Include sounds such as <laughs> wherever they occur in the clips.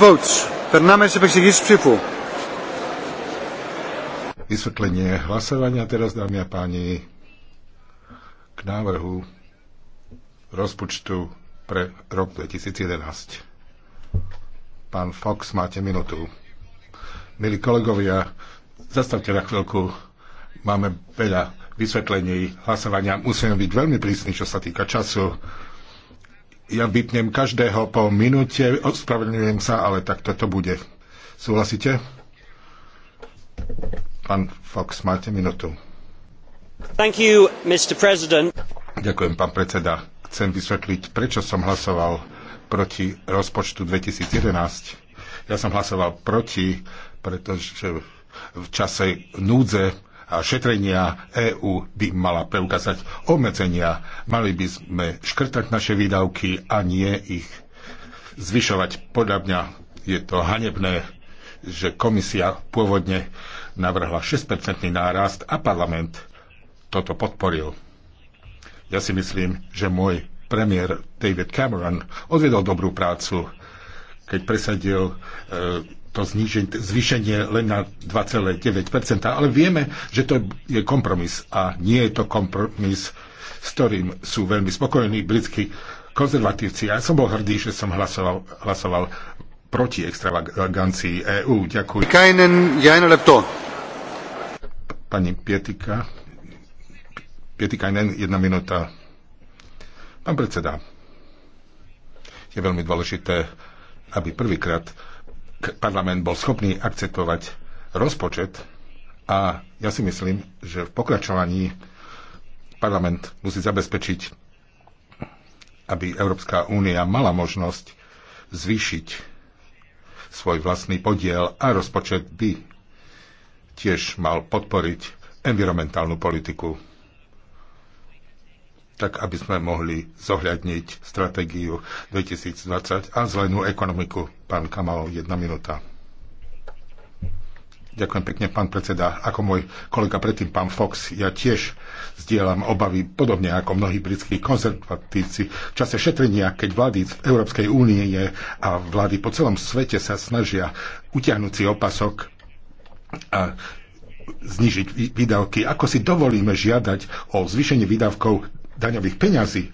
votes. Περνάμε ψήφου. Vysvetlenie hlasovania teraz, dámy a páni, k návrhu rozpočtu pre rok 2011. Pán Fox, máte minutu. Milí kolegovia, zastavte na chvíľku. Máme veľa vysvetlení hlasovania. Musíme byť veľmi prísni, čo sa týka času. Ja vypnem každého po minúte, ospravedlňujem sa, ale tak toto bude. Súhlasíte? Pán Fox, máte minútu. Thank you, Mr. President. Ďakujem, pán predseda. Chcem vysvetliť, prečo som hlasoval proti rozpočtu 2011. Ja som hlasoval proti, pretože v čase núdze a šetrenia EÚ by mala preukázať obmedzenia. Mali by sme škrtať naše výdavky a nie ich zvyšovať. Podľa mňa je to hanebné, že komisia pôvodne navrhla 6-percentný nárast a parlament toto podporil. Ja si myslím, že môj premiér David Cameron odvedol dobrú prácu, keď presadil e, to zniženie, zvýšenie len na 2,9%, ale vieme, že to je kompromis a nie je to kompromis, s ktorým sú veľmi spokojní britskí konzervatívci. Ja som bol hrdý, že som hlasoval, hlasoval proti extravagancii EÚ. Ďakujem. Kajnen, ja lepto. Pani Pietika. Pietikainen, jedna minúta. Pán predseda, je veľmi dôležité, aby prvýkrát parlament bol schopný akceptovať rozpočet a ja si myslím, že v pokračovaní parlament musí zabezpečiť, aby Európska únia mala možnosť zvýšiť svoj vlastný podiel a rozpočet by tiež mal podporiť environmentálnu politiku tak aby sme mohli zohľadniť stratégiu 2020 a zelenú ekonomiku. Pán Kamal, jedna minúta. Ďakujem pekne, pán predseda. Ako môj kolega predtým, pán Fox, ja tiež zdieľam obavy, podobne ako mnohí britskí konzervatívci. V čase šetrenia, keď vlády v Európskej únie a vlády po celom svete sa snažia utiahnuť si opasok a znižiť výdavky. Ako si dovolíme žiadať o zvýšenie výdavkov daňových peňazí,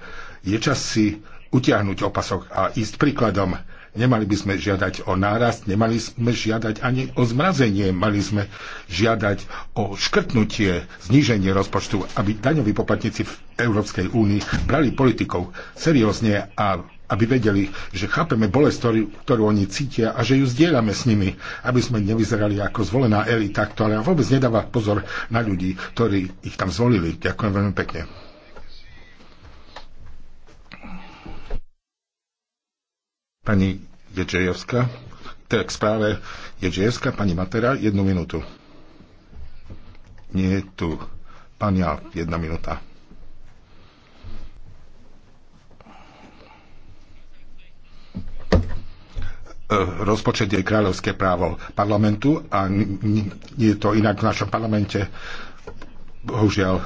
je čas si utiahnuť opasok a ísť príkladom. Nemali by sme žiadať o nárast, nemali sme žiadať ani o zmrazenie, mali sme žiadať o škrtnutie, zníženie rozpočtu, aby daňoví poplatníci v Európskej únii brali politikov seriózne a aby vedeli, že chápeme bolest, ktorú, ktorú oni cítia a že ju zdieľame s nimi, aby sme nevyzerali ako zvolená elita, ktorá vôbec nedáva pozor na ľudí, ktorí ich tam zvolili. Ďakujem veľmi pekne. Pani Jedžejevská, teda k správe Jedžejevská, pani Matera, jednu minútu. Nie je tu. Pán Jal, jedna minúta. rozpočet je kráľovské právo parlamentu a nie je to inak v našom parlamente. Bohužiaľ,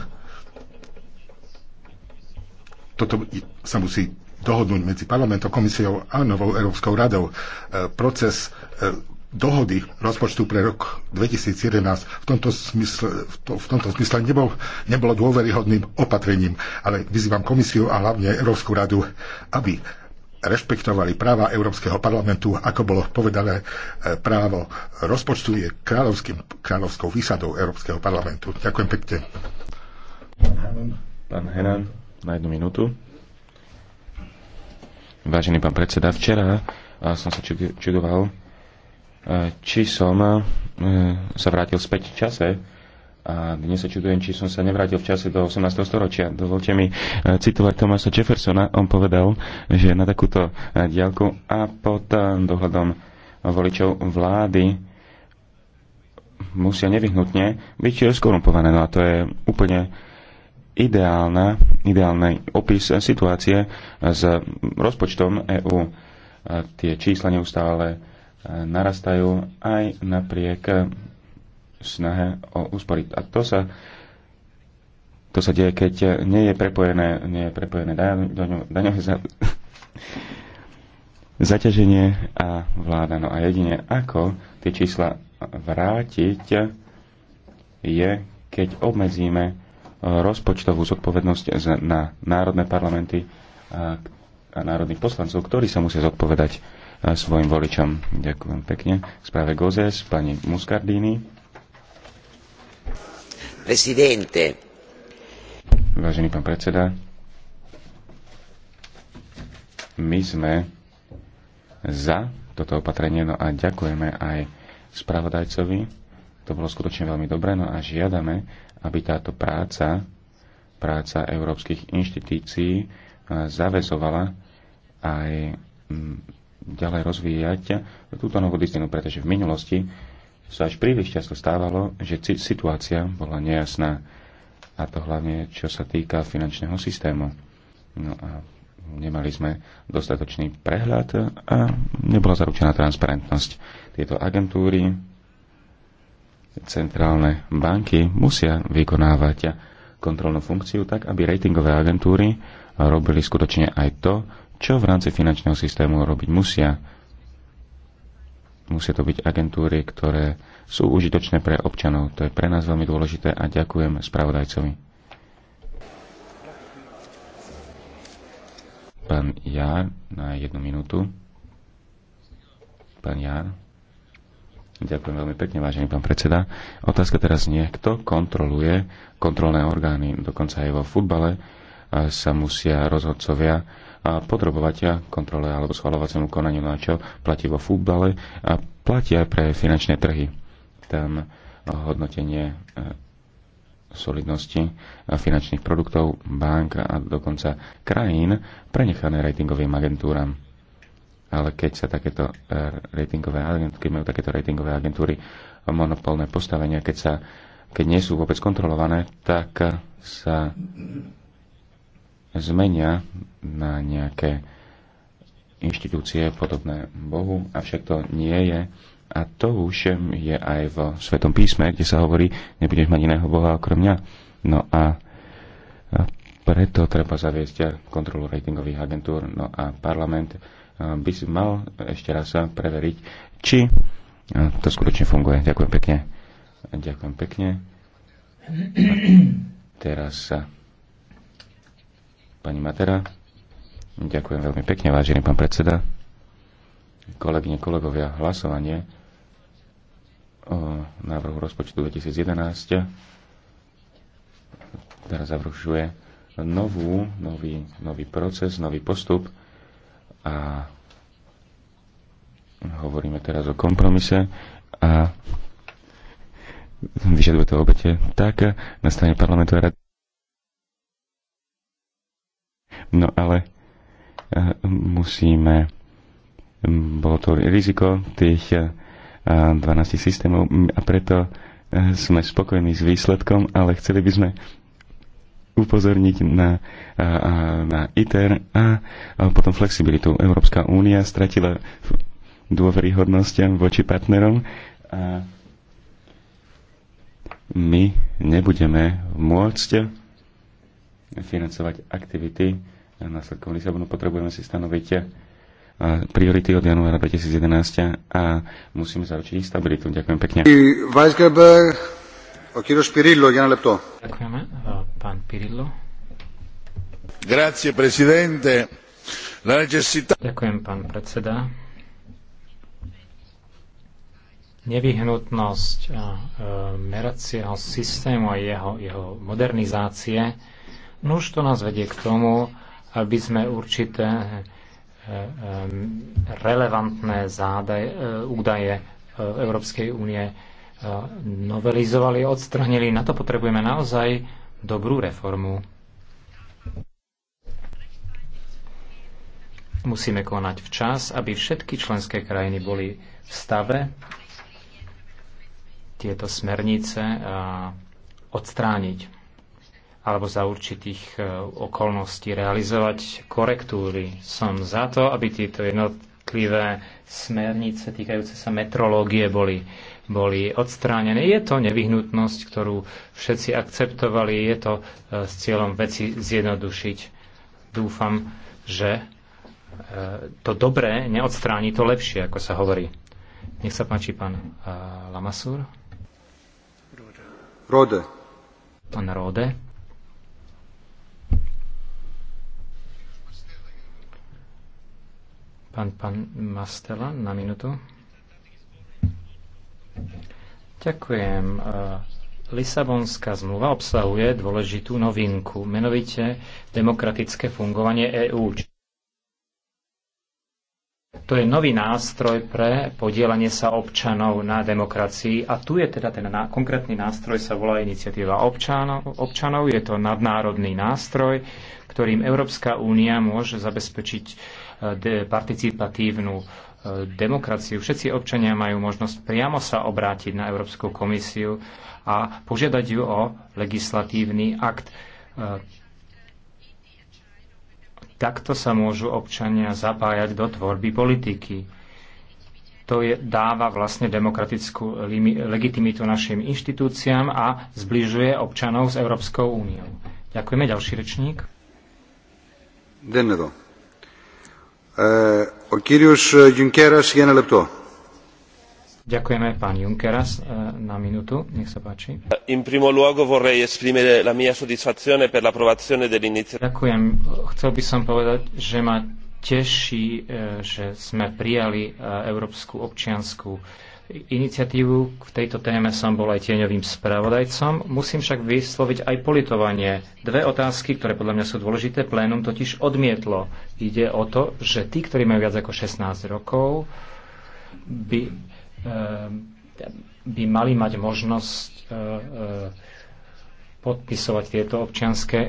toto sa musí dohodnúť medzi parlamentom, komisiou a novou Európskou radou. E, proces e, dohody rozpočtu pre rok 2011 v tomto smysle v to, v tomto smysle nebol, nebolo dôveryhodným opatrením, ale vyzývam komisiu a hlavne Európsku radu, aby rešpektovali práva Európskeho parlamentu, ako bolo povedané, e, právo rozpočtu je kráľovským, kráľovskou výsadou Európskeho parlamentu. Ďakujem pekne. Pán Henan, na jednu minútu. Vážený pán predseda, včera som sa čudoval, e, či som e, sa vrátil späť v čase, a dnes sa čudujem, či som sa nevrátil v čase do 18. storočia. Dovolte mi e, citovať Thomasa Jeffersona. On povedal, že na takúto diálku a pod dohľadom voličov vlády musia nevyhnutne byť skorumpované. No a to je úplne ideálna, ideálny opis situácie s rozpočtom EÚ. E, tie čísla neustále e, narastajú aj napriek snahe o úspory. A to sa, to sa deje, keď nie je prepojené, nie je prepojené daňové za, <laughs> zaťaženie a vláda. No a jedine ako tie čísla vrátiť je, keď obmedzíme rozpočtovú zodpovednosť na národné parlamenty a národných poslancov, ktorí sa musia zodpovedať svojim voličom. Ďakujem pekne. K správe Gozes, pani Muscardini. Presidente. Vážený pán predseda, my sme za toto opatrenie, no a ďakujeme aj spravodajcovi. To bolo skutočne veľmi dobré, no a žiadame, aby táto práca, práca európskych inštitúcií eh, zavezovala aj mm, ďalej rozvíjať túto novú disciplínu, pretože v minulosti sa až príliš často stávalo, že situácia bola nejasná. A to hlavne, čo sa týka finančného systému. No a nemali sme dostatočný prehľad a nebola zaručená transparentnosť. Tieto agentúry centrálne banky musia vykonávať kontrolnú funkciu tak, aby ratingové agentúry robili skutočne aj to, čo v rámci finančného systému robiť musia. Musia to byť agentúry, ktoré sú užitočné pre občanov. To je pre nás veľmi dôležité a ďakujem spravodajcovi. Pán Jár na jednu minútu. Pán Jár. Ďakujem veľmi pekne, vážený pán predseda. Otázka teraz nie, kto kontroluje kontrolné orgány, dokonca aj vo futbale e, sa musia rozhodcovia e, a podrobovať kontrole alebo schvalovaciemu konaniu, na no čo platí vo futbale a platí aj pre finančné trhy. Tam hodnotenie e, solidnosti finančných produktov, bank a dokonca krajín prenechané ratingovým agentúram ale keď sa takéto e, ratingové agentúry, majú takéto ratingové agentúry monopolné postavenia, keď, sa, keď nie sú vôbec kontrolované, tak sa zmenia na nejaké inštitúcie podobné Bohu, avšak to nie je. A to už je aj v Svetom písme, kde sa hovorí, nebudeš mať iného Boha okrem mňa. No a preto treba zaviesť kontrolu ratingových agentúr. No a parlament by si mal ešte raz sa preveriť, či to skutočne funguje. Ďakujem pekne. Ďakujem pekne. Teraz sa pani Matera. Ďakujem veľmi pekne, vážený pán predseda. Kolegyne, kolegovia, hlasovanie o návrhu rozpočtu 2011 teraz zavrušuje novú, nový, nový proces, nový postup a hovoríme teraz o kompromise a vyžaduje to obete tak na strane parlamentu a No ale eh, musíme, bolo to riziko tých 12 eh, systémov a preto eh, sme spokojní s výsledkom, ale chceli by sme upozorniť na, na ITER a potom flexibilitu. Európska únia stratila dôveryhodnosť voči partnerom a my nebudeme môcť financovať aktivity. Následkom Lisabonu potrebujeme si stanoviť priority od januára 2011 a musíme zaručiť stabilitu. Ďakujem pekne necessità... Ďakujem, pán predseda. Nevyhnutnosť e, e, meracieho systému a jeho, jeho modernizácie, no už to nás vedie k tomu, aby sme určité e, relevantné zádaje, údaje Európskej únie novelizovali, odstrhnili. Na to potrebujeme naozaj dobrú reformu. Musíme konať včas, aby všetky členské krajiny boli v stave tieto smernice odstrániť alebo za určitých e, okolností realizovať korektúry. Som za to, aby tieto jednotlivé smernice týkajúce sa metrológie boli boli odstránené. Je to nevyhnutnosť, ktorú všetci akceptovali, je to e, s cieľom veci zjednodušiť. Dúfam, že e, to dobré neodstráni to lepšie, ako sa hovorí. Nech sa páči pán e, Lamasúr. Rode. Pán Rode. Pán, pán Mastela na minútu. Ďakujem. E, Lisabonská zmluva obsahuje dôležitú novinku, menovite demokratické fungovanie EÚ. To je nový nástroj pre podielanie sa občanov na demokracii a tu je teda ten ná- konkrétny nástroj, sa volá iniciatíva občanov, občanov. Je to nadnárodný nástroj, ktorým Európska únia môže zabezpečiť e, participatívnu demokraciu. Všetci občania majú možnosť priamo sa obrátiť na Európsku komisiu a požiadať ju o legislatívny akt. E, takto sa môžu občania zapájať do tvorby politiky. To je, dáva vlastne demokratickú legitimitu našim inštitúciám a zbližuje občanov s Európskou úniou. Ďakujeme. Ďalší rečník. Denero. Ďakujeme pán na minútu, nech sa páči. In primo luogo vorrei esprimere la mia soddisfazione per l'approvazione dell'iniziativa. Chcel by som povedať, že ma teší, e, že sme prijali e, Európsku iniciatívu. K tejto téme som bol aj tieňovým spravodajcom. Musím však vysloviť aj politovanie. Dve otázky, ktoré podľa mňa sú dôležité, plénum totiž odmietlo. Ide o to, že tí, ktorí majú viac ako 16 rokov, by, eh, by mali mať možnosť eh, eh, podpisovať tieto občianské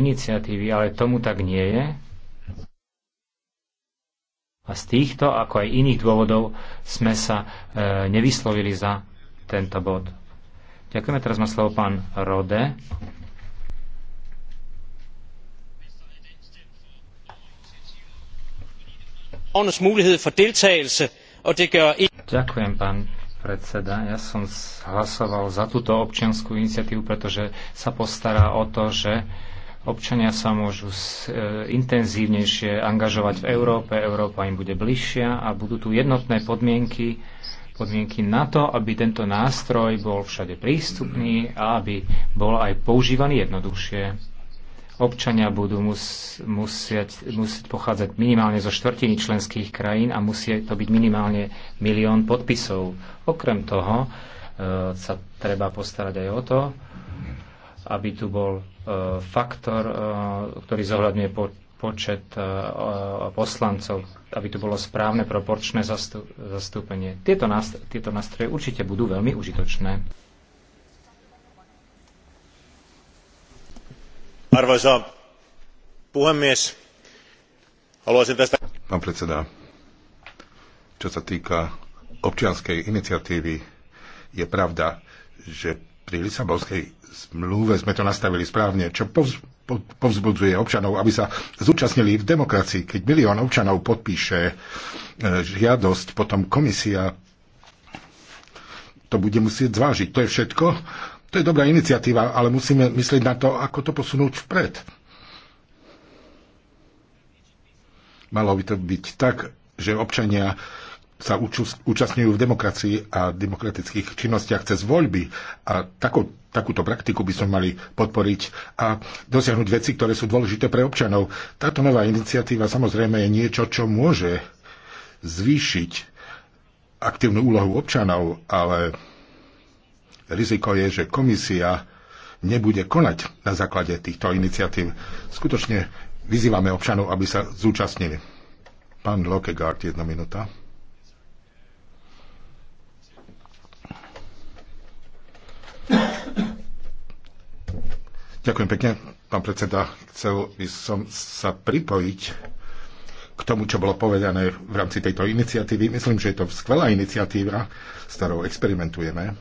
iniciatívy, ale tomu tak nie je a z týchto, ako aj iných dôvodov, sme sa e, nevyslovili za tento bod. Ďakujeme. Teraz má slovo pán Rode. Ďakujem, pán predseda. Ja som hlasoval za túto občianskú iniciatívu, pretože sa postará o to, že Občania sa môžu e, intenzívnejšie angažovať v Európe, Európa im bude bližšia a budú tu jednotné podmienky, podmienky na to, aby tento nástroj bol všade prístupný a aby bol aj používaný jednoduchšie. Občania budú mus, musieť, musieť pochádzať minimálne zo štvrtiny členských krajín a musí to byť minimálne milión podpisov. Okrem toho e, sa treba postarať aj o to, aby tu bol faktor, e, ktorý zohľadňuje počet e, poslancov, aby tu bolo správne proporčné zastúpenie. Tieto, tieto nástroje určite budú veľmi užitočné. Arvoisa puhemies, haluaisin tästä... Pán predseda, čo sa týka občianskej iniciatívy, je pravda, že pri Lisabonskej zmluve sme to nastavili správne, čo povz, po, povzbudzuje občanov, aby sa zúčastnili v demokracii. Keď milión občanov podpíše e, žiadosť, potom komisia to bude musieť zvážiť. To je všetko. To je dobrá iniciatíva, ale musíme myslieť na to, ako to posunúť vpred. Malo by to byť tak, že občania sa účastňujú v demokracii a demokratických činnostiach cez voľby. A takú, takúto praktiku by sme mali podporiť a dosiahnuť veci, ktoré sú dôležité pre občanov. Táto nová iniciatíva samozrejme je niečo, čo môže zvýšiť aktívnu úlohu občanov, ale riziko je, že komisia nebude konať na základe týchto iniciatív. Skutočne vyzývame občanov, aby sa zúčastnili. Pán Lokegaard, jedna minúta. Ďakujem pekne, pán predseda. Chcel by som sa pripojiť k tomu, čo bolo povedané v rámci tejto iniciatívy. Myslím, že je to skvelá iniciatíva, s ktorou experimentujeme.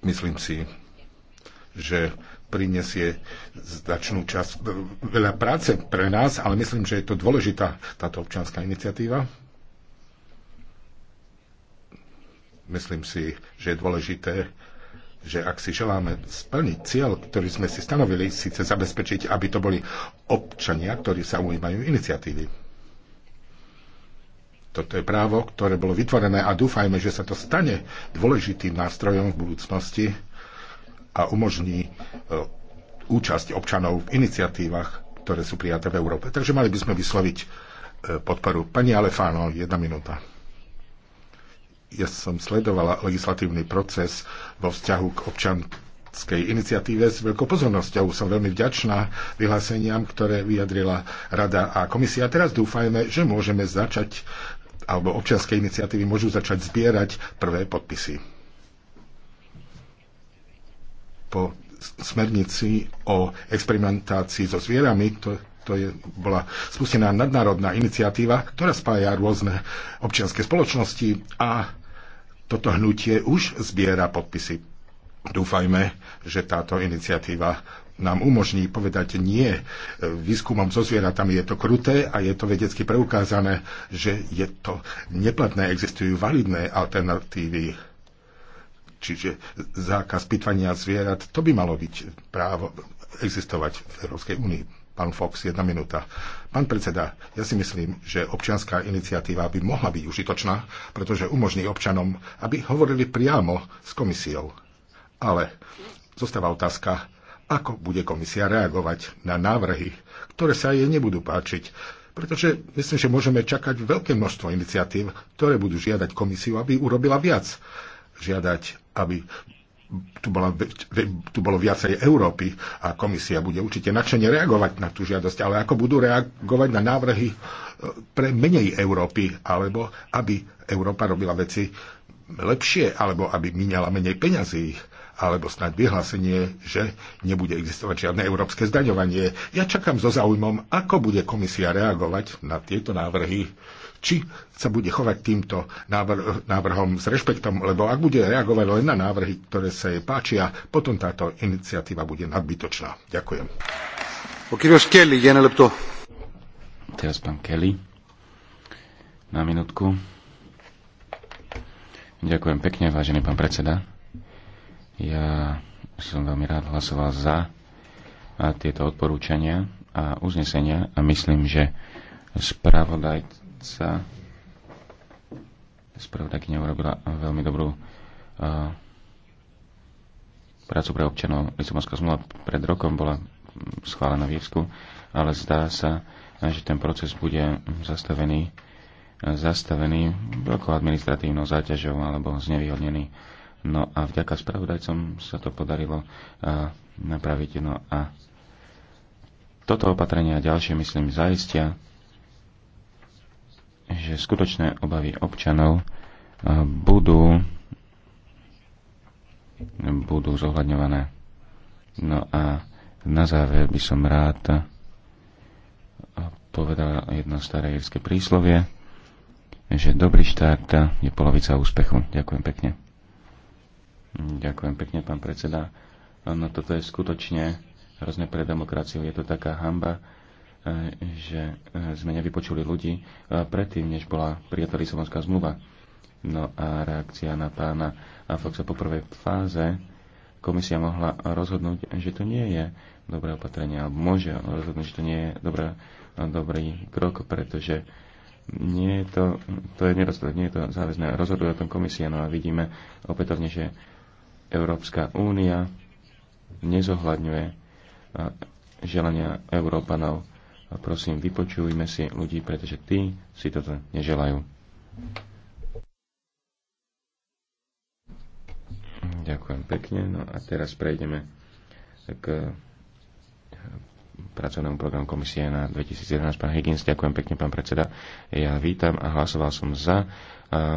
Myslím si, že prinesie značnú časť, veľa práce pre nás, ale myslím, že je to dôležitá táto občianská iniciatíva. Myslím si, že je dôležité že ak si želáme splniť cieľ, ktorý sme si stanovili, síce zabezpečiť, aby to boli občania, ktorí sa ujímajú iniciatívy. Toto je právo, ktoré bolo vytvorené a dúfajme, že sa to stane dôležitým nástrojom v budúcnosti a umožní e, účasť občanov v iniciatívach, ktoré sú prijaté v Európe. Takže mali by sme vysloviť e, podporu. Pani Alefáno, jedna minúta ja som sledovala legislatívny proces vo vzťahu k občanskej iniciatíve s veľkou pozornosťou. Som veľmi vďačná vyhláseniam, ktoré vyjadrila Rada a komisia. Teraz dúfajme, že môžeme začať, alebo občianske iniciatívy môžu začať zbierať prvé podpisy. Po smernici o experimentácii so zvierami, to to je, bola spustená nadnárodná iniciatíva, ktorá spája rôzne občianske spoločnosti a toto hnutie už zbiera podpisy. Dúfajme, že táto iniciatíva nám umožní povedať nie. E, výskumom so zvieratami je to kruté a je to vedecky preukázané, že je to neplatné, existujú validné alternatívy. Čiže zákaz pitvania zvierat, to by malo byť právo existovať v Európskej únii. Pán Fox, jedna minúta. Pán predseda, ja si myslím, že občianská iniciatíva by mohla byť užitočná, pretože umožní občanom, aby hovorili priamo s komisiou. Ale zostáva otázka, ako bude komisia reagovať na návrhy, ktoré sa jej nebudú páčiť, pretože myslím, že môžeme čakať veľké množstvo iniciatív, ktoré budú žiadať komisiu, aby urobila viac. Žiadať, aby tu, bola, tu bolo viacej Európy a komisia bude určite nadšene reagovať na tú žiadosť, ale ako budú reagovať na návrhy e, pre menej Európy, alebo aby Európa robila veci lepšie, alebo aby minala menej peňazí alebo snáď vyhlásenie, že nebude existovať žiadne európske zdaňovanie. Ja čakám so záujmom, ako bude komisia reagovať na tieto návrhy či sa bude chovať týmto návr- návrhom s rešpektom, lebo ak bude reagovať len na návrhy, ktoré sa jej páčia, potom táto iniciatíva bude nadbytočná. Ďakujem. Kelly, Teraz pán Kelly. Na minútku. Ďakujem pekne, vážený pán predseda. Ja som veľmi rád hlasoval za tieto odporúčania a uznesenia a myslím, že spravodajca spravodajkynia urobila veľmi dobrú uh, prácu pre občanov. Lisabonská zmluva pred rokom bola schválená v Írsku, ale zdá sa, že ten proces bude zastavený, zastavený veľkou administratívnou záťažou alebo znevýhodnený No a vďaka spravodajcom sa to podarilo napraviť. No a toto opatrenie a ďalšie, myslím, zaistia, že skutočné obavy občanov budú, budú zohľadňované. No a na záver by som rád povedal jedno staré jirské príslovie, že dobrý štát, je polovica úspechu. Ďakujem pekne. Ďakujem pekne, pán predseda. No toto je skutočne hrozné pre demokraciu. Je to taká hamba, eh, že eh, sme nevypočuli ľudí eh, predtým, než bola prijatá Lisabonská zmluva. No a reakcia na pána Foxa po prvej fáze komisia mohla rozhodnúť, že to nie je dobré opatrenie, alebo môže rozhodnúť, že to nie je dobré, dobrý krok, pretože nie je to, to je nie je to záväzné. Rozhoduje o tom komisia, no a vidíme opätovne, že Európska únia nezohľadňuje želania Európanov. Prosím, vypočujme si ľudí, pretože tí si toto neželajú. Ďakujem pekne. No a teraz prejdeme k pracovnému programu komisie na 2011. Pán Higgins, ďakujem pekne, pán predseda. Ja vítam a hlasoval som za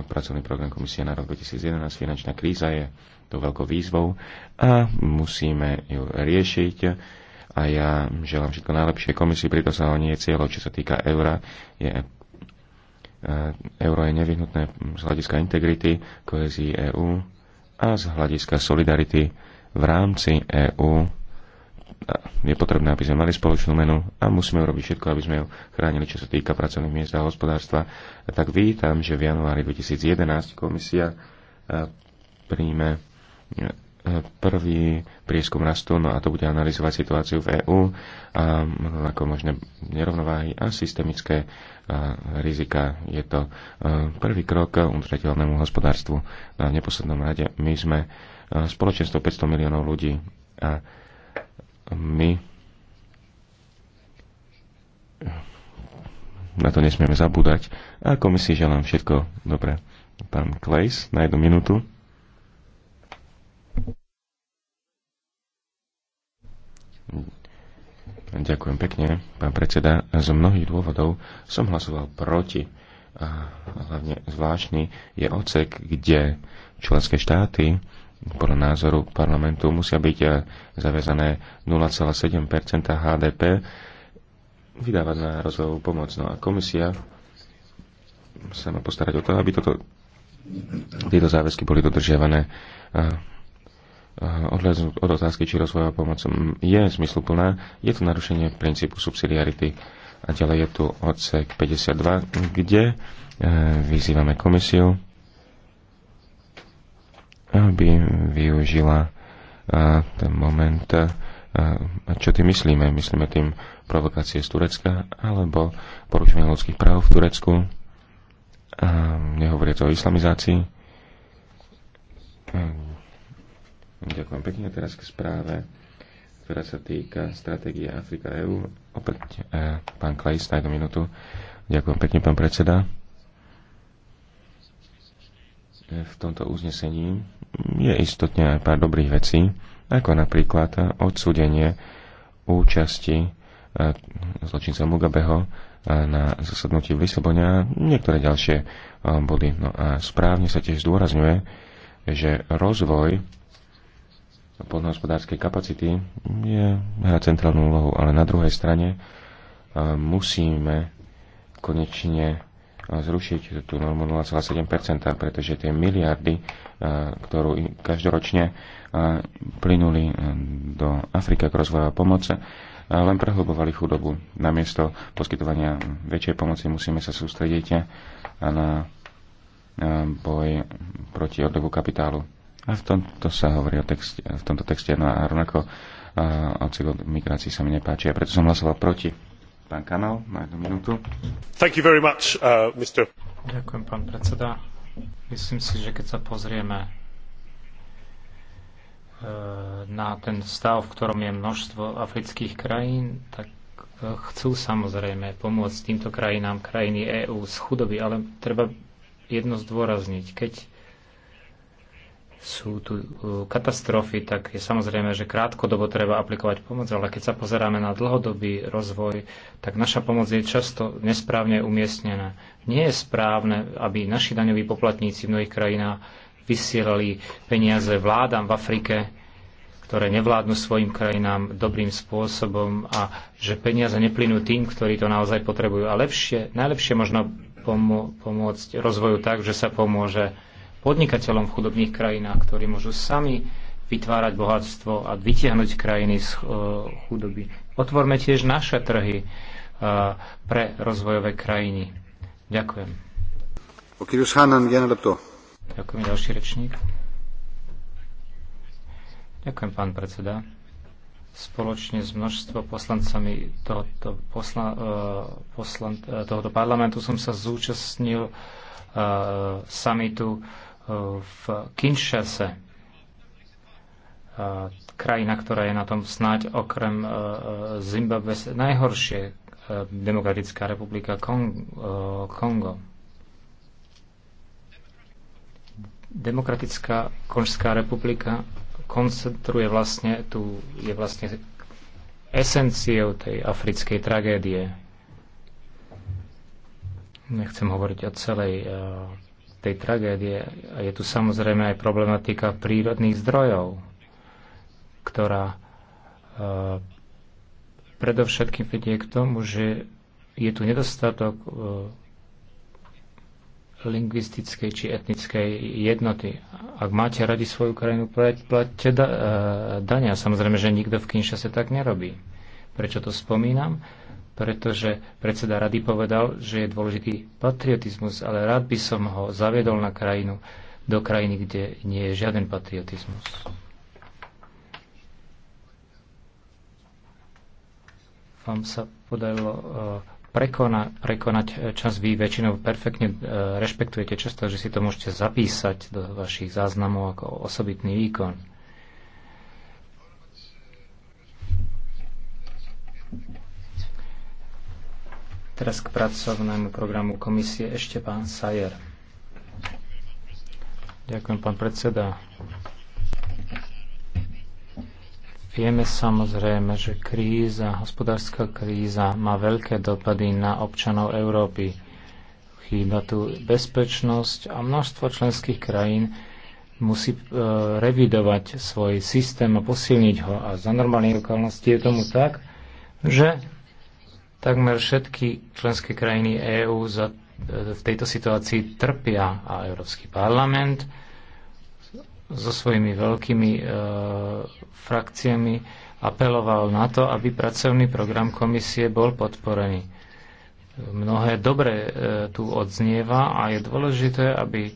pracovný program Komisie na rok 2011. Finančná kríza je to veľkou výzvou a musíme ju riešiť. A ja želám všetko najlepšie komisii pri dosahovaní cieľov, čo sa týka eura. Je, e, euro je nevyhnutné z hľadiska integrity, kohezí EÚ a z hľadiska solidarity v rámci EÚ je potrebné, aby sme mali spoločnú menu a musíme urobiť všetko, aby sme ju chránili, čo sa týka pracovných miest a hospodárstva. A tak vítam, že v januári 2011 komisia príjme prvý prieskum rastu, no a to bude analyzovať situáciu v EÚ, ako možné nerovnováhy a systemické a, rizika. Je to a, prvý krok k udržateľnému hospodárstvu. A v neposlednom rade my sme spoločenstvo 500 miliónov ľudí a my na to nesmieme zabúdať. A že želám všetko dobre. Pán Klejs, na jednu minútu. Ďakujem pekne, pán predseda. Z mnohých dôvodov som hlasoval proti. A hlavne zvláštny je ocek, kde členské štáty podľa názoru parlamentu musia byť e, zaviazané 0,7 HDP vydávať na rozvojovú pomoc. No a komisia sa má postarať o to, aby toto, tieto záväzky boli dodržiavané. Od otázky, či rozvojová pomoc je zmysluplná, je to narušenie princípu subsidiarity. A ďalej je tu odsek 52, kde e, vyzývame komisiu, aby využila eh, ten moment, eh, čo tým myslíme. Myslíme tým provokácie z Turecka alebo porušenie ľudských práv v Turecku. A nehovoria to o islamizácii. Ehm, ďakujem pekne teraz k správe, ktorá sa týka stratégie Afrika EU. Opäť eh, pán Klejs, na jednu minútu. Ďakujem pekne, pán predseda v tomto uznesení mm, je istotne aj pár dobrých vecí, ako napríklad odsúdenie účasti e, zločinca Mugabeho e, na zasadnutí v Lisabone a niektoré ďalšie e, body. No a správne sa tiež zdôrazňuje, že rozvoj podnohospodárskej kapacity je hrá centrálnu úlohu, ale na druhej strane musíme konečne zrušiť tú normu 0,7%, pretože tie miliardy, ktorú každoročne plynuli do Afrika k rozvojová pomoc, len prehlbovali chudobu. Namiesto poskytovania väčšej pomoci musíme sa sústrediť na boj proti odlivu kapitálu. A v tomto sa hovorí o texte, v tomto texte, no a rovnako odsek o migrácii sa mi nepáči a preto som hlasoval proti. Pán na jednu minútu. Thank you very much, uh, Mr. Ďakujem, pán predseda. Myslím si, že keď sa pozrieme uh, na ten stav, v ktorom je množstvo afrických krajín, tak uh, chcú samozrejme pomôcť týmto krajinám, krajiny EÚ z chudoby, ale treba jedno zdôrazniť. Keď sú tu e, katastrofy, tak je samozrejme, že krátkodobo treba aplikovať pomoc, ale keď sa pozeráme na dlhodobý rozvoj, tak naša pomoc je často nesprávne umiestnená. Nie je správne, aby naši daňoví poplatníci v mnohých krajinách vysielali peniaze vládam v Afrike, ktoré nevládnu svojim krajinám dobrým spôsobom a že peniaze neplynú tým, ktorí to naozaj potrebujú. A lepšie, najlepšie možno pomôcť rozvoju tak, že sa pomôže podnikateľom v chudobných krajinách, ktorí môžu sami vytvárať bohatstvo a vytiahnuť krajiny z eh, chudoby. Otvorme tiež naše trhy eh, pre rozvojové krajiny. Ďakujem. Ďakujem, ďalší rečník. Ďakujem, pán predseda. Spoločne s množstvo poslancami tohoto, posla, eh, poslan, tohoto parlamentu som sa zúčastnil uh, samitu v Kinshase. Krajina, ktorá je na tom snáď okrem e, e, Zimbabwe najhoršie, e, Demokratická republika Kongo. Demokratická Konžská republika koncentruje vlastne, tu je vlastne esenciou tej africkej tragédie. Nechcem hovoriť o celej tej tragédie. A je tu samozrejme aj problematika prírodných zdrojov, ktorá e, predovšetkým vedie k tomu, že je tu nedostatok e, lingvistickej či etnickej jednoty. Ak máte radi svoju krajinu, plaťte da, e, dania. Samozrejme, že nikto v Kinshase tak nerobí. Prečo to spomínam? pretože predseda rady povedal, že je dôležitý patriotizmus, ale rád by som ho zaviedol na krajinu, do krajiny, kde nie je žiaden patriotizmus. Vám sa podarilo eh, prekona, prekonať eh, čas. Vy väčšinou perfektne eh, rešpektujete často, že si to môžete zapísať do vašich záznamov ako osobitný výkon. Teraz k pracovnému programu komisie ešte pán Sajer. Ďakujem, pán predseda. Vieme samozrejme, že kríza, hospodárska kríza má veľké dopady na občanov Európy. Chýba tu bezpečnosť a množstvo členských krajín musí e, revidovať svoj systém a posilniť ho. A za normálnych okolností je tomu tak, že Takmer všetky členské krajiny EÚ e, v tejto situácii trpia a Európsky parlament so svojimi veľkými e, frakciami apeloval na to, aby pracovný program komisie bol podporený. Mnohé dobre e, tu odznieva a je dôležité, aby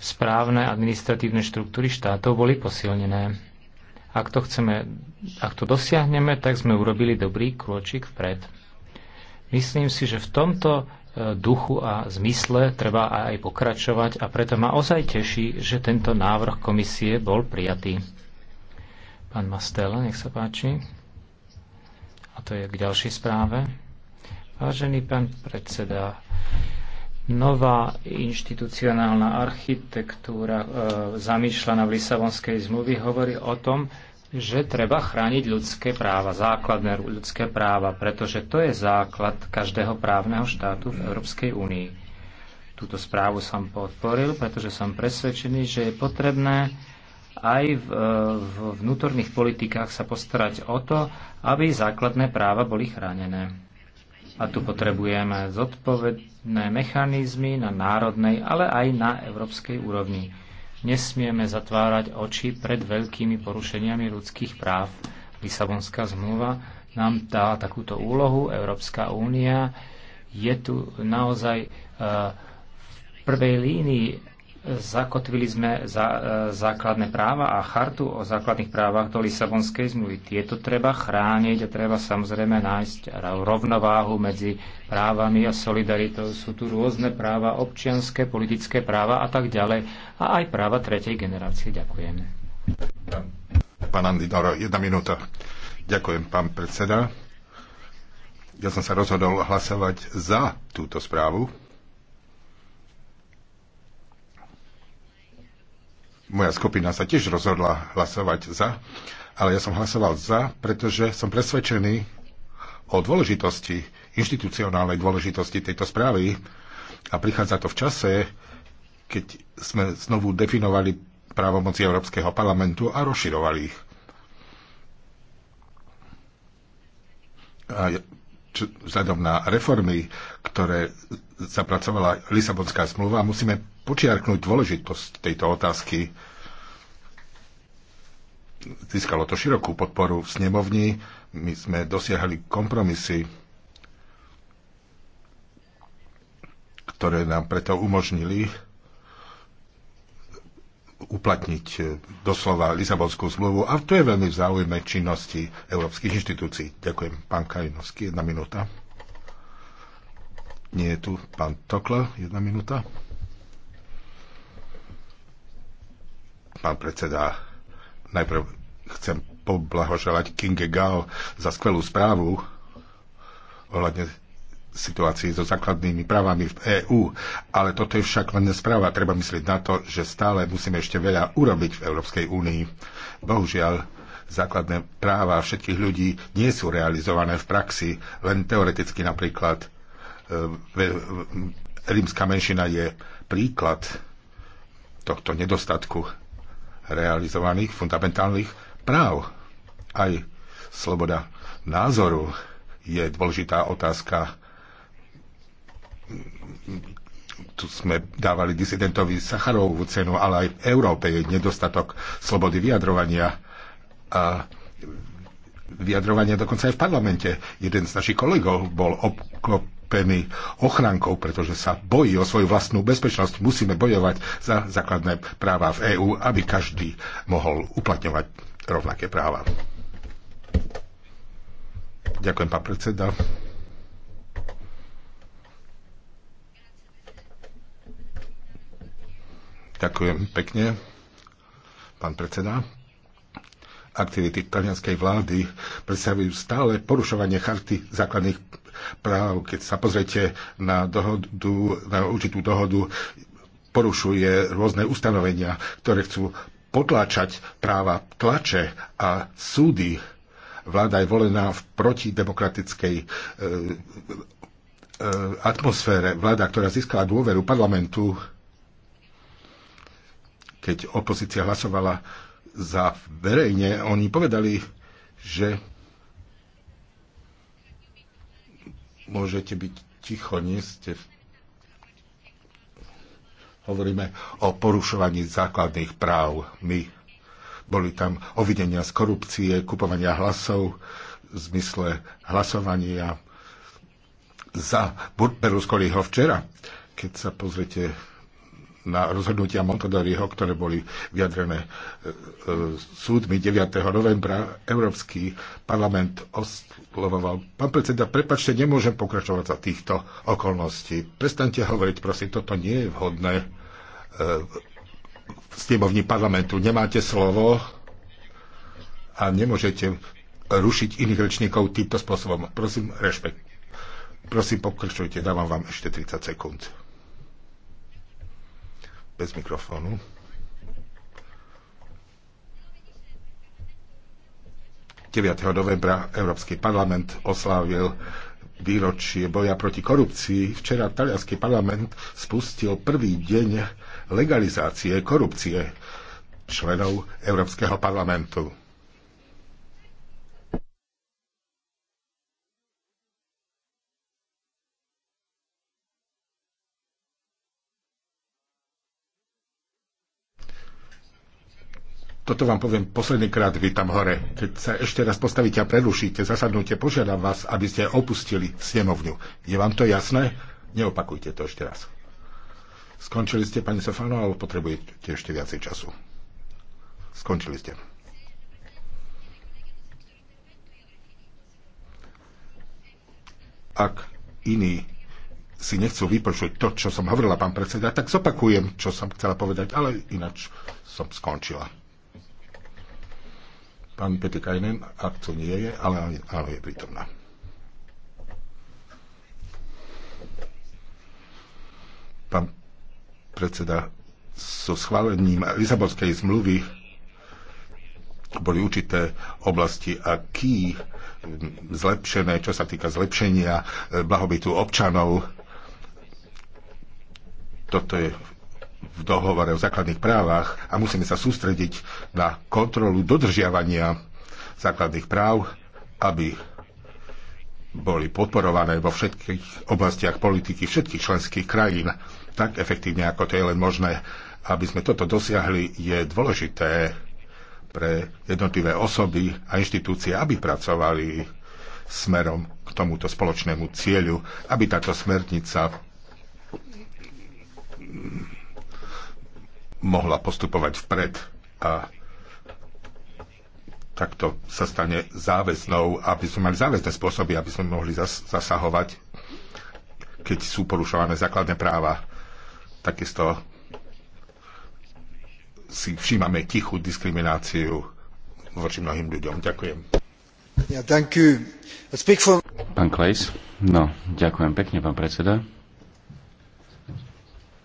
správne administratívne štruktúry štátov boli posilnené. Ak to, chceme, ak to dosiahneme, tak sme urobili dobrý kročík vpred. Myslím si, že v tomto e, duchu a zmysle treba aj pokračovať a preto ma ozaj teší, že tento návrh komisie bol prijatý. Pán Mastela, nech sa páči. A to je k ďalšej správe. Vážený pán predseda, nová inštitucionálna architektúra e, zamýšľaná v Lisabonskej zmluvy hovorí o tom, že treba chrániť ľudské práva, základné ľudské práva, pretože to je základ každého právneho štátu v Európskej únii. Túto správu som podporil, pretože som presvedčený, že je potrebné aj v, e, v vnútorných politikách sa postarať o to, aby základné práva boli chránené. A tu potrebujeme zodpovedné mechanizmy na národnej, ale aj na európskej úrovni Nesmieme zatvárať oči pred veľkými porušeniami ľudských práv. Lisabonská zmluva nám dá takúto úlohu. Európska únia je tu naozaj eh, v prvej línii Zakotvili sme za, e, základné práva a chartu o základných právach do Lisabonskej zmluvy. Tieto treba chrániť a treba samozrejme nájsť rovnováhu medzi právami a solidaritou. Sú tu rôzne práva, občianské, politické práva a tak ďalej. A aj práva tretej generácie. Ďakujem. Pán Andinoro, jedna minúta. Ďakujem, pán predseda. Ja som sa rozhodol hlasovať za túto správu, moja skupina sa tiež rozhodla hlasovať za, ale ja som hlasoval za, pretože som presvedčený o dôležitosti, inštitucionálnej dôležitosti tejto správy a prichádza to v čase, keď sme znovu definovali právomoci Európskeho parlamentu a rozširovali ich. A čo, vzhľadom na reformy, ktoré zapracovala Lisabonská zmluva, musíme počiarknúť dôležitosť tejto otázky. Získalo to širokú podporu v snemovni, my sme dosiahli kompromisy, ktoré nám preto umožnili uplatniť e, doslova Lisabonskú zmluvu a to je veľmi v záujme činnosti európskych inštitúcií. Ďakujem. Pán Kajinovský, jedna minúta. Nie je tu pán Tokla, jedna minúta. Pán predseda, najprv chcem poblahoželať Kinge Gal za skvelú správu ohľadne situácii so základnými právami v EÚ. Ale toto je však len správa. Treba myslieť na to, že stále musíme ešte veľa urobiť v Európskej únii. Bohužiaľ, základné práva všetkých ľudí nie sú realizované v praxi, len teoreticky napríklad. E, e, rímska menšina je príklad tohto nedostatku realizovaných fundamentálnych práv. Aj sloboda názoru je dôležitá otázka tu sme dávali disidentovi Sacharovú cenu, ale aj v Európe je nedostatok slobody vyjadrovania. A vyjadrovania dokonca aj v parlamente. Jeden z našich kolegov bol obklopený ochrankou, pretože sa bojí o svoju vlastnú bezpečnosť. Musíme bojovať za základné práva v EÚ, aby každý mohol uplatňovať rovnaké práva. Ďakujem, pán predseda. Ďakujem pekne, pán predseda. Aktivity talianskej vlády predstavujú stále porušovanie charty základných práv. Keď sa pozriete na, dohodu, na určitú dohodu, porušuje rôzne ustanovenia, ktoré chcú potláčať práva tlače a súdy. Vláda je volená v protidemokratickej e, e, atmosfére. Vláda, ktorá získala dôveru parlamentu, keď opozícia hlasovala za verejne, oni povedali, že môžete byť ticho, nie ste hovoríme o porušovaní základných práv. My boli tam ovidenia z korupcie, kupovania hlasov v zmysle hlasovania za Berlusconiho včera. Keď sa pozriete na rozhodnutia Montadoriho, ktoré boli vyjadrené e, e, súdmi 9. novembra, Európsky parlament oslovoval. Pán predseda, prepačte, nemôžem pokračovať za týchto okolností. Prestaňte hovoriť, prosím, toto nie je vhodné e, v stebovni parlamentu. Nemáte slovo a nemôžete rušiť iných rečníkov týmto spôsobom. Prosím, rešpekt. Prosím, pokračujte, dávam vám ešte 30 sekúnd bez mikrofónu. novembra Európsky parlament oslávil výročie boja proti korupcii. Včera talianský parlament spustil prvý deň legalizácie korupcie členov Európskeho parlamentu. toto vám poviem poslednýkrát, vy tam hore. Keď sa ešte raz postavíte a prerušíte zasadnutie, požiadam vás, aby ste opustili snemovňu. Je vám to jasné? Neopakujte to ešte raz. Skončili ste, pani Sofano, alebo potrebujete ešte viacej času? Skončili ste. Ak iní si nechcú vypočuť to, čo som hovorila, pán predseda, tak zopakujem, čo som chcela povedať, ale ináč som skončila. Pán Kajnen, ak to nie je, ale, ale je prítomná. Pán predseda, so schválením Lisabonskej zmluvy boli určité oblasti a ký mm, zlepšené, čo sa týka zlepšenia eh, blahobytu občanov. Toto je v dohovore o základných právach a musíme sa sústrediť na kontrolu dodržiavania základných práv, aby boli podporované vo všetkých oblastiach politiky všetkých členských krajín tak efektívne, ako to je len možné. Aby sme toto dosiahli, je dôležité pre jednotlivé osoby a inštitúcie, aby pracovali smerom k tomuto spoločnému cieľu, aby táto smernica mohla postupovať vpred a takto sa stane záväznou, aby sme mali záväzné spôsoby, aby sme mohli zas- zasahovať, keď sú porušované základné práva. Takisto si všímame tichú diskrimináciu voči mnohým ľuďom. Ďakujem. Ja, for... Pán Klejs, no, ďakujem pekne, pán predseda.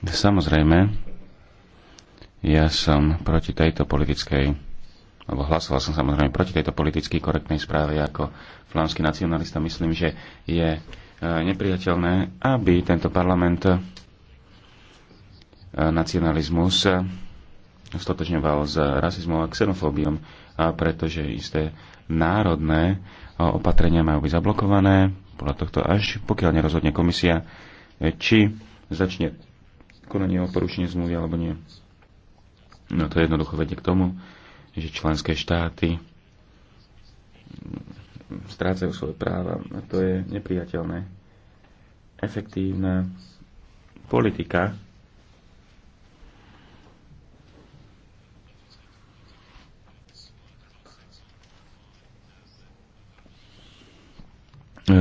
Samozrejme, ja som proti tejto politickej, alebo hlasoval som samozrejme proti tejto politicky korektnej správe ako flámsky nacionalista. Myslím, že je e, nepriateľné, aby tento parlament e, nacionalizmus e, stotožňoval s rasizmom a xenofóbiom, pretože isté národné opatrenia majú byť zablokované podľa tohto až, pokiaľ nerozhodne komisia, či začne konanie o porušení zmluvy alebo nie. No to jednoducho vedie k tomu, že členské štáty strácajú svoje práva. A to je nepriateľné. Efektívna politika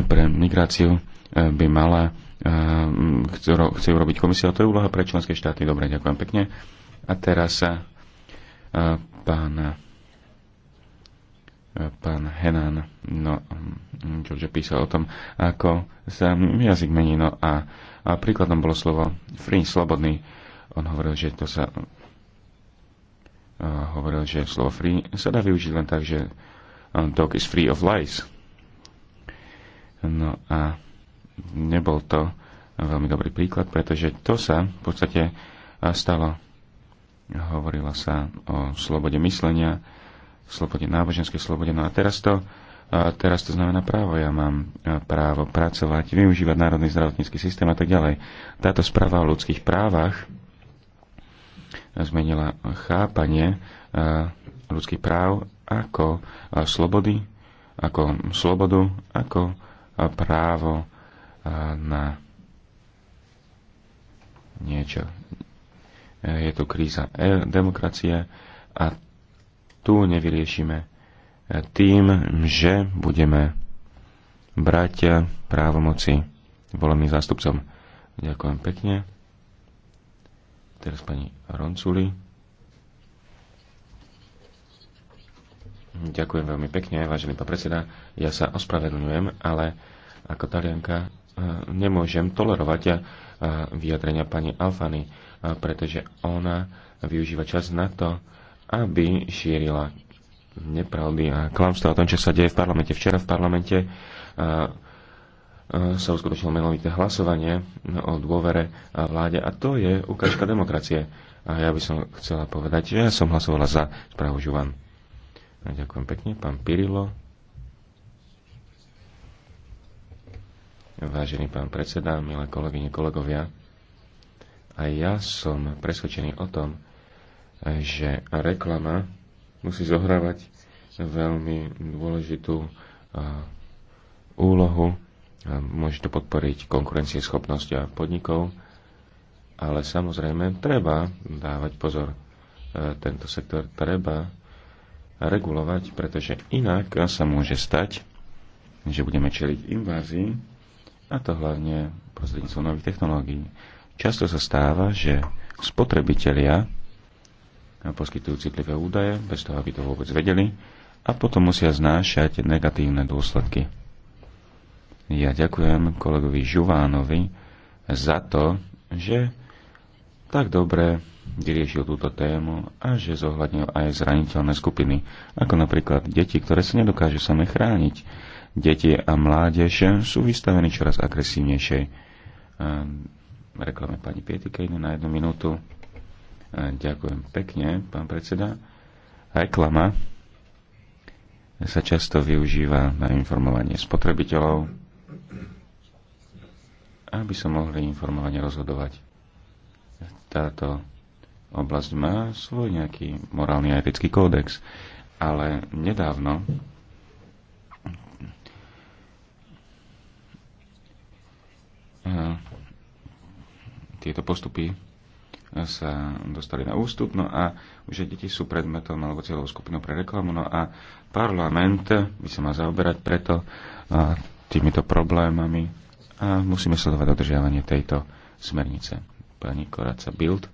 pre migráciu eh, by mala eh, chce urobiť komisia. To je úloha pre členské štáty. Dobre, ďakujem pekne. A teraz sa eh, pán eh, pán Henan no, už mm, písal o tom, ako sa jazyk mení. No a, a príkladom bolo slovo free, slobodný. On hovoril, že to sa uh, hovoril, že slovo free sa dá využiť len tak, že dog is free of lies. No a nebol to veľmi dobrý príklad, pretože to sa v podstate stalo hovorila sa o slobode myslenia, slobode náboženskej slobode. No a teraz to, a teraz to znamená právo. Ja mám e, právo pracovať, využívať národný zdravotnícky systém a tak ďalej. Táto správa o ľudských právach e, zmenila chápanie e, ľudských práv ako slobody, ako slobodu, ako právo na niečo je tu kríza e demokracie a tu nevyriešime tým, že budeme brať právomoci voleným zástupcom. Ďakujem pekne. Teraz pani Ronculi. Ďakujem veľmi pekne, vážený pán predseda. Ja sa ospravedlňujem, ale ako talianka e, nemôžem tolerovať e, vyjadrenia pani Alfany pretože ona využíva čas na to, aby šírila nepravdy a klamstvo o tom, čo sa deje v parlamente. Včera v parlamente sa uskutočnilo menovité hlasovanie o dôvere a vláde a to je ukážka demokracie. A ja by som chcela povedať, že ja som hlasovala za správu Žuvan. A ďakujem pekne, pán Pirilo. Vážený pán predseda, milé kolegyne, kolegovia, a ja som presvedčený o tom, že reklama musí zohrávať veľmi dôležitú úlohu. Môže to podporiť konkurencieschopnosť a podnikov, ale samozrejme treba dávať pozor. E, tento sektor treba regulovať, pretože inak sa môže stať, že budeme čeliť invázii, a to hlavne prostredníctvom nových technológií. Často sa stáva, že spotrebitelia poskytujú citlivé údaje, bez toho, aby to vôbec vedeli, a potom musia znášať negatívne dôsledky. Ja ďakujem kolegovi Žuvánovi za to, že tak dobre vyriešil túto tému a že zohľadnil aj zraniteľné skupiny, ako napríklad deti, ktoré sa nedokážu same chrániť. Deti a mládež sú vystavení čoraz agresívnejšej reklame pani Pietikejny na jednu minútu. E, ďakujem pekne, pán predseda. Reklama sa často využíva na informovanie spotrebiteľov, aby sa mohli informovane rozhodovať. Táto oblasť má svoj nejaký morálny a etický kódex, ale nedávno tieto postupy e, sa dostali na ústup, no a už deti sú predmetom alebo cieľovou skupinou pre reklamu, no a parlament by sa mal zaoberať preto e, týmito problémami a musíme sledovať dodržiavanie tejto smernice. Pani Koraca Bild,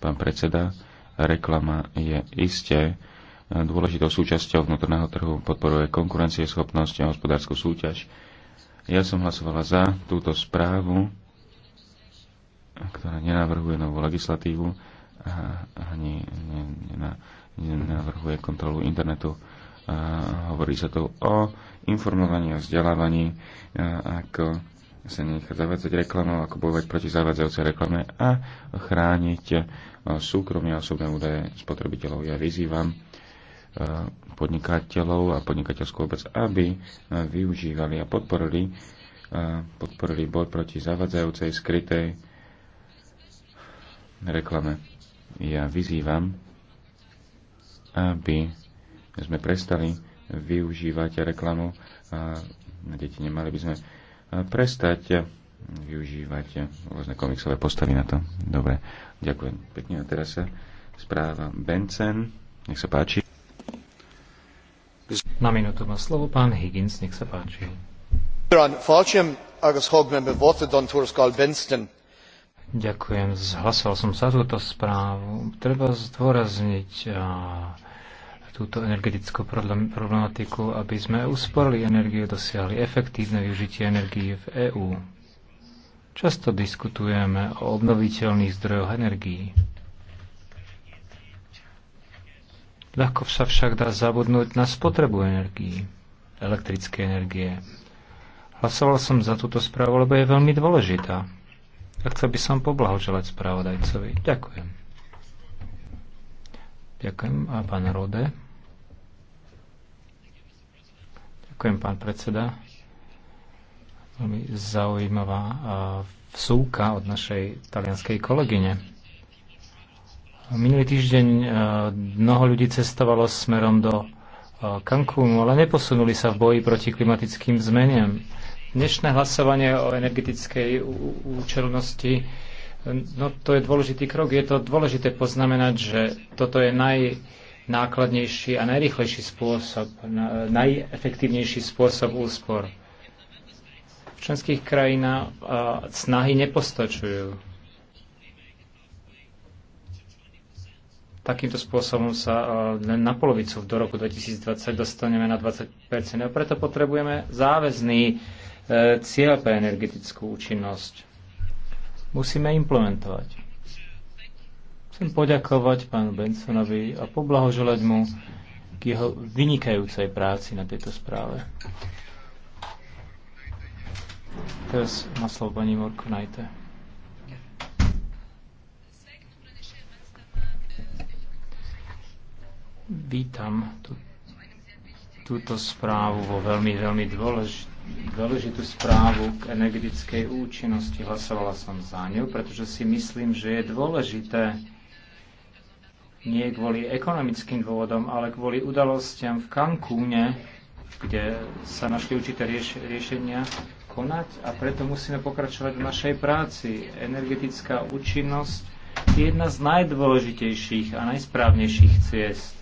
pán predseda, reklama je isté e, dôležitou súčasťou vnútorného trhu, podporuje konkurencieschopnosť a hospodárskú súťaž. Ja som hlasovala za túto správu, ktorá nenavrhuje novú legislatívu a ani nenavrhuje kontrolu internetu. A hovorí sa tu o informovaní, o vzdelávaní, ako sa nechať zavádzať reklamou, ako bojovať proti zavádzajúcej reklame a chrániť súkromie a osobné údaje spotrebiteľov. Ja vyzývam podnikateľov a podnikateľskú obec, aby využívali a podporili, podporili boj proti zavádzajúcej, skrytej reklame. Ja vyzývam, aby sme prestali využívať reklamu a deti. Nemali by sme prestať využívať rôzne komiksové postavy na to. Dobre, ďakujem pekne. A teraz sa správa Bencen. Nech sa páči. Na minútu má slovo pán Higgins, nech sa páči. Fáčim agus hog me bevote don tuarskáil Benston. Ďakujem. Zhlasoval som za túto správu. Treba zdôrazniť túto energetickú problematiku, aby sme usporili energiu, dosiahli efektívne využitie energie v EÚ. Často diskutujeme o obnoviteľných zdrojoch energií. Ľahko sa však dá zabudnúť na spotrebu energií, elektrické energie. Hlasoval som za túto správu, lebo je veľmi dôležitá. A chcel by som poblahoželať spravodajcovi. Ďakujem. Ďakujem. A pán Rode. Ďakujem, pán predseda. Veľmi zaujímavá vsúka od našej talianskej kolegyne. Minulý týždeň e, mnoho ľudí cestovalo smerom do e, Cancúnu, ale neposunuli sa v boji proti klimatickým zmeniam Dnešné hlasovanie o energetickej účelnosti, no to je dôležitý krok. Je to dôležité poznamenať, že toto je najnákladnejší a najrychlejší spôsob, najefektívnejší spôsob úspor. V členských krajinách snahy nepostačujú. takýmto spôsobom sa len na polovicu do roku 2020 dostaneme na 20%. A preto potrebujeme záväzný E, cieľ pre energetickú účinnosť. Musíme implementovať. Chcem poďakovať pánu Bensonovi a poblahoželať mu k jeho vynikajúcej práci na tejto správe. Teraz má slovo pani Morko Najte. Vítam tú, túto správu vo veľmi, veľmi dôležitej dôležitú správu k energetickej účinnosti. Hlasovala som za ňu, pretože si myslím, že je dôležité nie kvôli ekonomickým dôvodom, ale kvôli udalostiam v Cancúne, kde sa našli určité rieš- riešenia konať a preto musíme pokračovať v našej práci. Energetická účinnosť je jedna z najdôležitejších a najsprávnejších ciest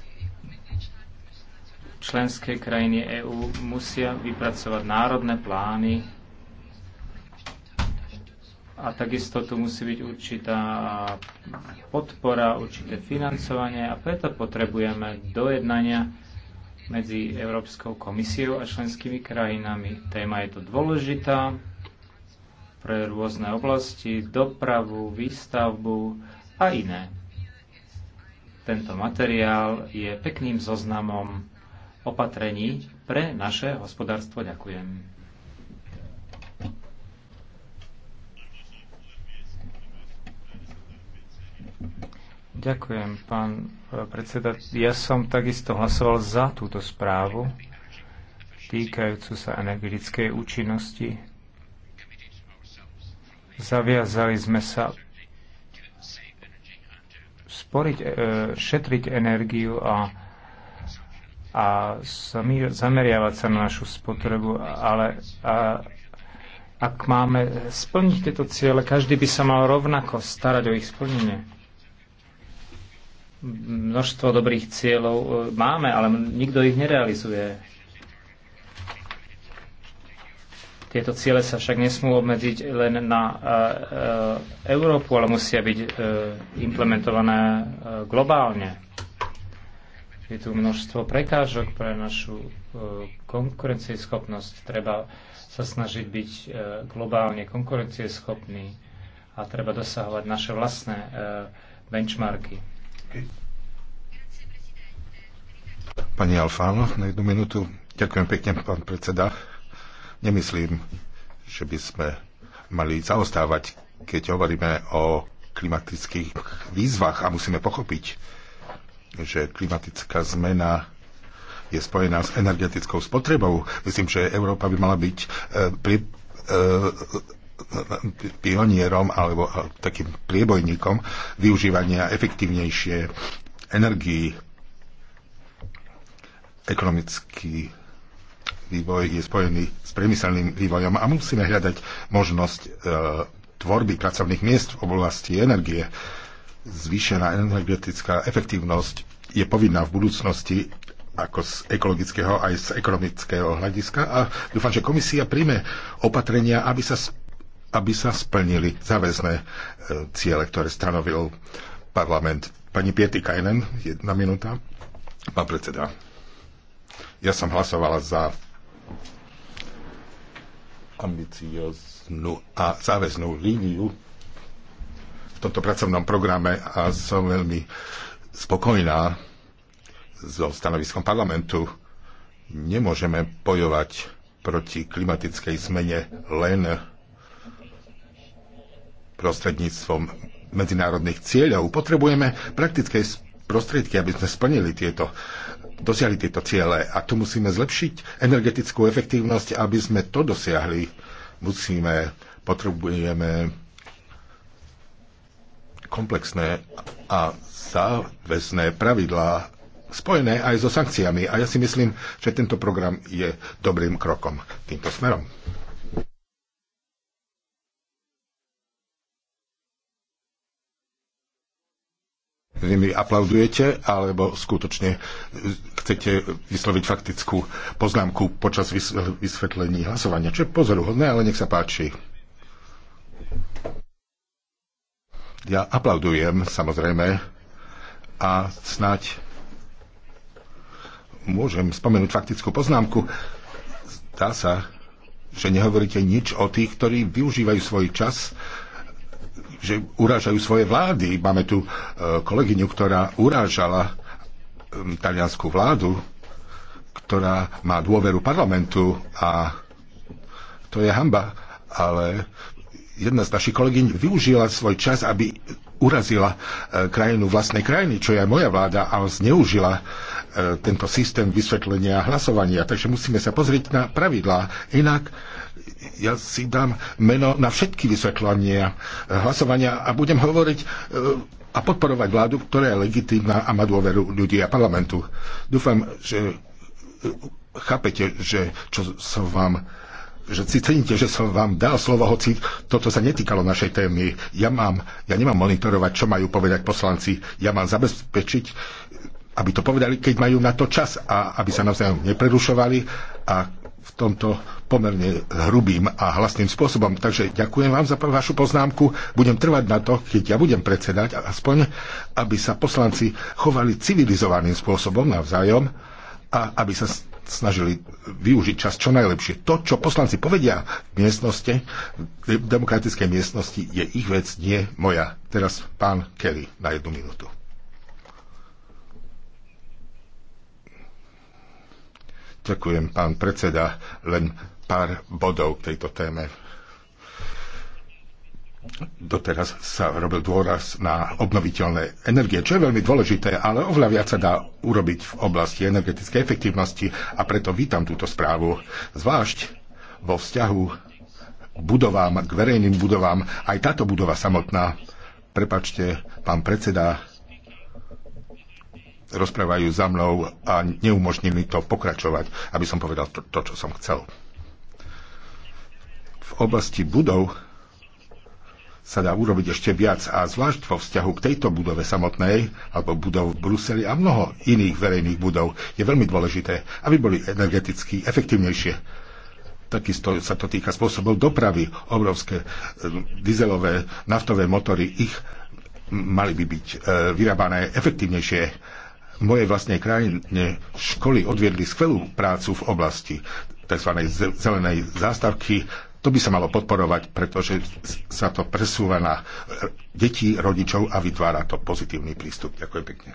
Členské krajiny EÚ musia vypracovať národné plány a takisto tu musí byť určitá podpora, určité financovanie a preto potrebujeme dojednania medzi Európskou komisiou a členskými krajinami. Téma je to dôležitá pre rôzne oblasti, dopravu, výstavbu a iné. Tento materiál je pekným zoznamom opatrení pre naše hospodárstvo. Ďakujem. Ďakujem, pán predseda. Ja som takisto hlasoval za túto správu týkajúcu sa energetickej účinnosti. Zaviazali sme sa sporiť, e, šetriť energiu a a zameriavať sa na našu spotrebu, ale a, ak máme splniť tieto ciele, každý by sa mal rovnako starať o ich splnenie. Množstvo dobrých cieľov e, máme, ale nikto ich nerealizuje. Tieto ciele sa však nesmú obmedziť len na uh, uh, Európu, ale musia byť uh, implementované uh, globálne. Je tu množstvo prekážok pre našu e, konkurencieschopnosť. Treba sa snažiť byť e, globálne konkurencieschopný a treba dosahovať naše vlastné e, benchmarky. Pani Alfáno, na jednu minútu. Ďakujem pekne, pán predseda. Nemyslím, že by sme mali zaostávať, keď hovoríme o klimatických výzvach a musíme pochopiť, že klimatická zmena je spojená s energetickou spotrebou. Myslím, že Európa by mala byť eh, pri, eh, pionierom alebo eh, takým priebojníkom využívania efektívnejšie energii. Ekonomický vývoj je spojený s priemyselným vývojom a musíme hľadať možnosť tvorby pracovných miest v oblasti energie zvýšená energetická efektívnosť je povinná v budúcnosti ako z ekologického aj z ekonomického hľadiska a dúfam, že komisia príjme opatrenia, aby sa, aby sa splnili záväzné e, ciele, ktoré stanovil parlament. Pani Piety Kajnen, jedna minúta. Pán predseda, ja som hlasovala za ambicioznú a záväznú líniu v tomto pracovnom programe a som veľmi spokojná so stanoviskom parlamentu. Nemôžeme bojovať proti klimatickej zmene len prostredníctvom medzinárodných cieľov. Potrebujeme praktické prostriedky, aby sme splnili tieto, dosiahli tieto ciele. A tu musíme zlepšiť energetickú efektívnosť, aby sme to dosiahli. Musíme, potrebujeme komplexné a záväzné pravidlá spojené aj so sankciami. A ja si myslím, že tento program je dobrým krokom týmto smerom. Vy mi aplaudujete, alebo skutočne chcete vysloviť faktickú poznámku počas vysvetlení hlasovania, čo je pozoruhodné, ale nech sa páči. Ja aplaudujem, samozrejme, a snáď môžem spomenúť faktickú poznámku. Zdá sa, že nehovoríte nič o tých, ktorí využívajú svoj čas, že urážajú svoje vlády. Máme tu e, kolegyňu, ktorá urážala e, talianskú vládu, ktorá má dôveru parlamentu a to je hamba. Ale jedna z našich kolegyň využila svoj čas, aby urazila e, krajinu vlastnej krajiny, čo je aj moja vláda, ale zneužila e, tento systém vysvetlenia hlasovania. Takže musíme sa pozrieť na pravidlá. Inak ja si dám meno na všetky vysvetlenia e, hlasovania a budem hovoriť a podporovať vládu, ktorá je legitímna a má dôveru ľudí a parlamentu. Dúfam, že chápete, že čo som vám že si ceníte, že som vám dal slovo, hoci toto sa netýkalo našej témy. Ja, mám, ja nemám monitorovať, čo majú povedať poslanci. Ja mám zabezpečiť, aby to povedali, keď majú na to čas a aby sa navzájom neprerušovali a v tomto pomerne hrubým a hlasným spôsobom. Takže ďakujem vám za vašu poznámku. Budem trvať na to, keď ja budem predsedať, aspoň, aby sa poslanci chovali civilizovaným spôsobom navzájom a aby sa snažili využiť čas čo najlepšie. To, čo poslanci povedia v miestnosti, v demokratickej miestnosti, je ich vec, nie moja. Teraz pán Kelly na jednu minútu. Ďakujem, pán predseda. Len pár bodov k tejto téme doteraz sa robil dôraz na obnoviteľné energie, čo je veľmi dôležité, ale oveľa viac sa dá urobiť v oblasti energetickej efektívnosti a preto vítam túto správu, zvlášť vo vzťahu k budovám, k verejným budovám, aj táto budova samotná, prepačte, pán predseda, rozprávajú za mnou a neumožnili to pokračovať, aby som povedal to, to čo som chcel. V oblasti budov sa dá urobiť ešte viac a zvlášť vo vzťahu k tejto budove samotnej alebo budov v Bruseli a mnoho iných verejných budov je veľmi dôležité, aby boli energeticky efektívnejšie. Takisto sa to týka spôsobov dopravy. Obrovské e, dizelové, naftové motory, ich mali by byť e, vyrábané efektívnejšie. V mojej vlastnej krajine školy odviedli skvelú prácu v oblasti tzv. zelenej zástavky to by sa malo podporovať, pretože sa to presúva na deti rodičov a vytvára to pozitívny prístup. Ďakujem pekne.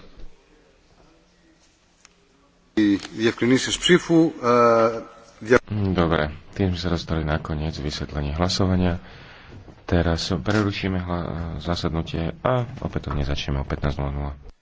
Dobre, tým sme sa dostali na koniec vysvetlenie hlasovania. Teraz prerušíme zasadnutie a opätovne začneme o 15.00.